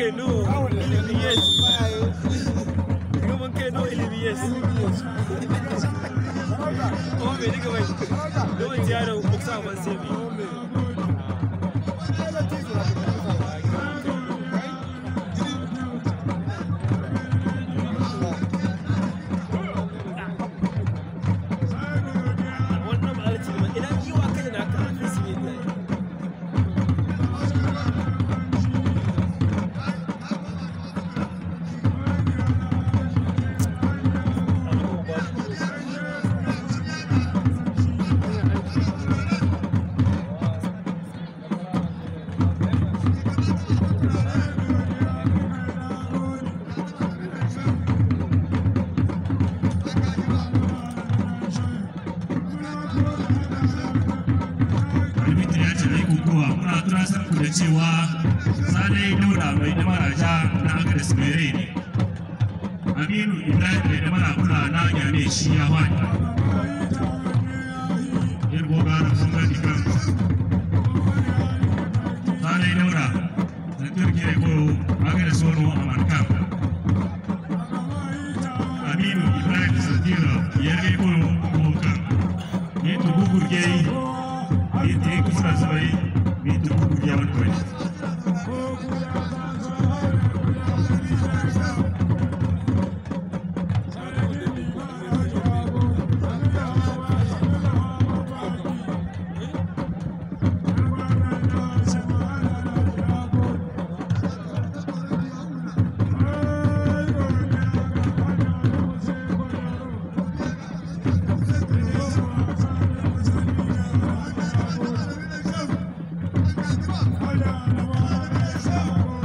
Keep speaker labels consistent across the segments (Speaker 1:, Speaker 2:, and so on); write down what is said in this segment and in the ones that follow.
Speaker 1: ke no ilimi yes noman ke no ilimi yes o me diga bai noman tiyaro muna tunasar ku da cewa sanai daura mai damaraja na agadas da ne aminu ibrahim mai kula na yane shi ya wani yarbo ya aminu language. Ọ̀dà àwọn ọmọ ẹ̀ṣọ́.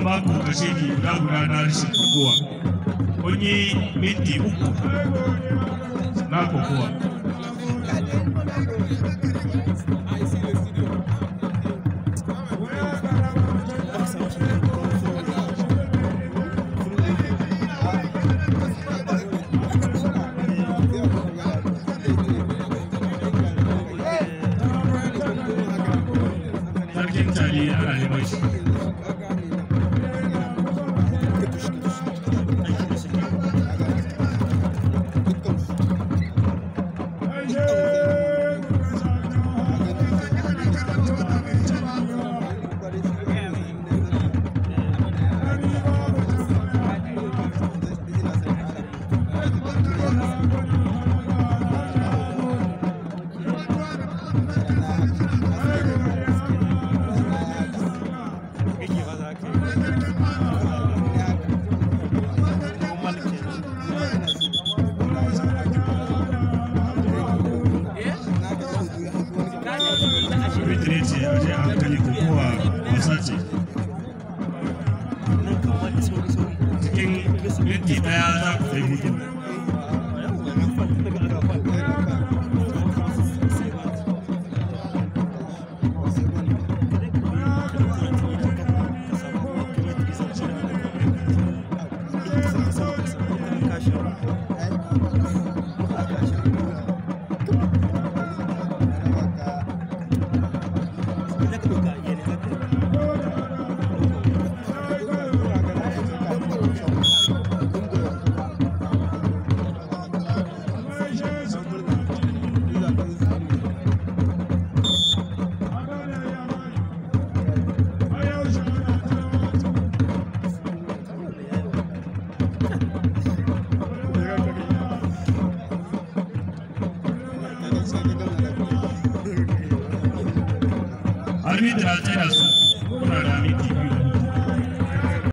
Speaker 1: an ba ku kashedi g d a guda na rashin k o k o a kun yi m i t i uku na kokowa r k i n t a ana n e m i fitire ce a je hankali ko kowa wasa ce cikin daya za ku Army ta tsaya su